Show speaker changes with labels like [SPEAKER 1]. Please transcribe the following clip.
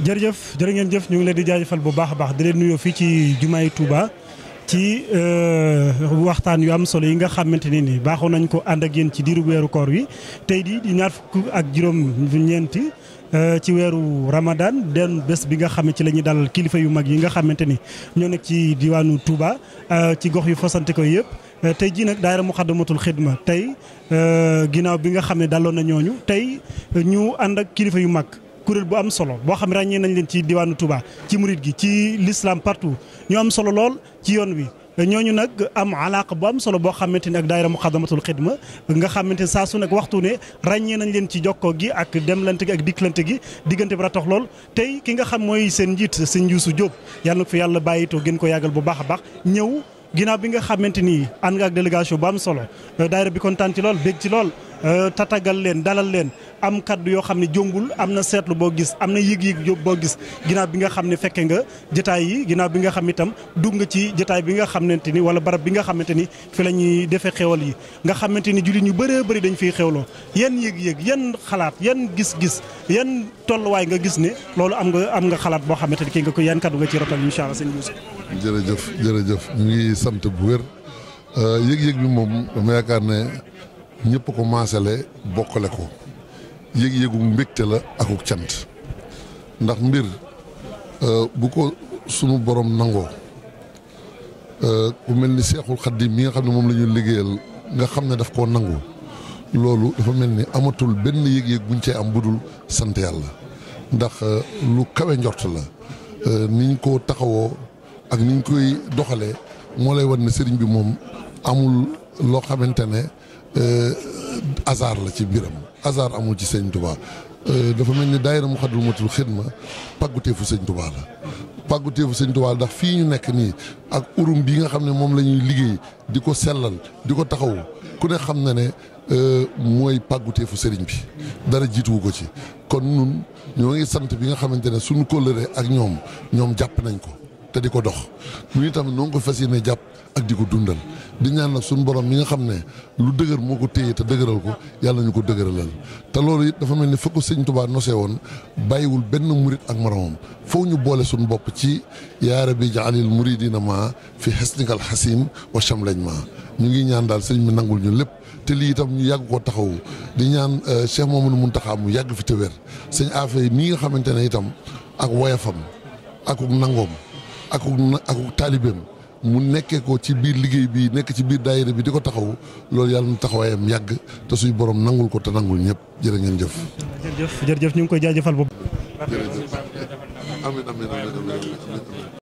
[SPEAKER 1] jërëjëf jër ngeen jëf ñu ngi leen di jaajëfal bu baax a baax di leen nuyoo fii ci jumaay Touba ci euh, waxtaan yu am solo yi nga xamante ne ni baaxoo nañ ko ànd ak yéen ci diiru weeru koor yi tey di ñaar fukk ak juróom ñeenti euh, ci weeru Ramadan den bés bi nga xam ci la ñuy dalal kilifa yu mag yi nga xamante ni ñoo nekk ci diwaanu Touba euh, ci gox yu fasante ko yëpp. tey jii nag daayira Muxaddamatul Xidma tey ginnaaw bi nga xam ne daloon na ñooñu tey ñu ànd ak kilifa yu mag. kuréel bu am solo boo xam ràññee nañ leen ci diwaanu Touba ci murit gi ci l'islam partout ñu am solo lool ci yoon wi. ñoo ñu nag am alaaka bu am solo boo xamante ni ak daayira muqaddamatul xidma nga xamante ne saa su nekk waxtu ne ràññee nañ leen ci jokkoo gi ak demlante gi ak dikkalante gi diggante bi ratax lool tey ki nga xam mooy seen njiit seen njuusu Jóob yàlla na fi yàlla bàyyitoo gën ko yàggal bu baax a baax ñëw ginnaaw bi nga xamante ni ànd nga ak bu am solo Euh, tatagal leen dalal leen am kàddu yoo xam ne jongul am na seetlu boo gis am na yëg-yëg boo gis ginnaaw bi nga xam ne fekke nga jotaay yi ginnaaw bi nga xam itam dugg nga ci jataay bi nga xamante ni wala barab bi nga xamante ni fi la ñuy defee xewal yi nga xamante ni jullit ñu bëree bëri dañ fiy xewloo yan yëg-yëg yan xalaat yan gis-gis yan tolluwaay nga gis ne loolu am nga am nga xalaat boo xamante ni kii nga ko yan kaddu nga ci rotal incha allah seen Yuusu
[SPEAKER 2] jërëjëf jërëjëf ñu ngi bu wér euh, yëg-yëg bi moom dama yaakaar ne ñëpp ko maasale bokkale ko yëg-yëgu mbégte la akuk cant ndax mbir euh, bu ko sunu borom nangoo euh, ku mel ni seexul xaddim mi nga xam ne moom la ñu nga xam ne daf koo nangu loolu dafa mel ni amatul benn yëg-yëg buñ cee am bu dul sant yàlla ndax euh, lu kawe njort la niñ ko taxawoo ak niñ koy doxalee moo lay wan ne sëriñ bi moom amul loo xamante ne Euh, hasard la ci biram hasard amul ci sëñ Touba euh, dafa mel ni daayira mu xadul matul xidma pàgguteefu sëñ Touba la pàgguteefu sëñ Touba ndax fii ñu nekk nii ak urum bi nga xam ne moom la ñuy liggéey di ko sellal di ko taxaw ku ne xam ne ne euh, mooy pàggutee fu sëriñ bi dara jiituwu ko ci kon nun ñoo ngi sant bi nga xamante ne suñu kóllëre ak ñoom ñoom jàpp nañ ko te di ko dox ñun itam noo ngi ko fas yéene jàpp ak di ko dundal di ñaan la suñu borom mi nga xam ne lu dëgër moo ko téye te dëgëral ko yàlla ñu ko dëgëralal te loolu it dafa mel ni fa ko sëñ Tuubaa nosee woon bàyyiwul benn murit ak moromam foofu ñu boole suñu bopp ci yaa rabbi jaalil muridina ma fi xesnikal xasim wa chamlañ maa ñu ngi ñaan daal sëñ bi nangul ñu lépp te lii itam ñu yàgg koo taxaw di ñaan eh, Cheikh Mamadou Mountakha mu yàgg fi te wér sëñ Afé mii nga xamante ne itam ak woyafam ak nangoom ak ak taalibeem mu nekkee ko ci biir liggéey bi nekk ci biir daayira bi di ko taxaw loolu yàlla na taxawaayam yàgg te suñu boroom nangul ko te nangul ñëpp jërë ngeen jëf.
[SPEAKER 1] jërëjëf ñu ngi koy jaajëfal bu baax.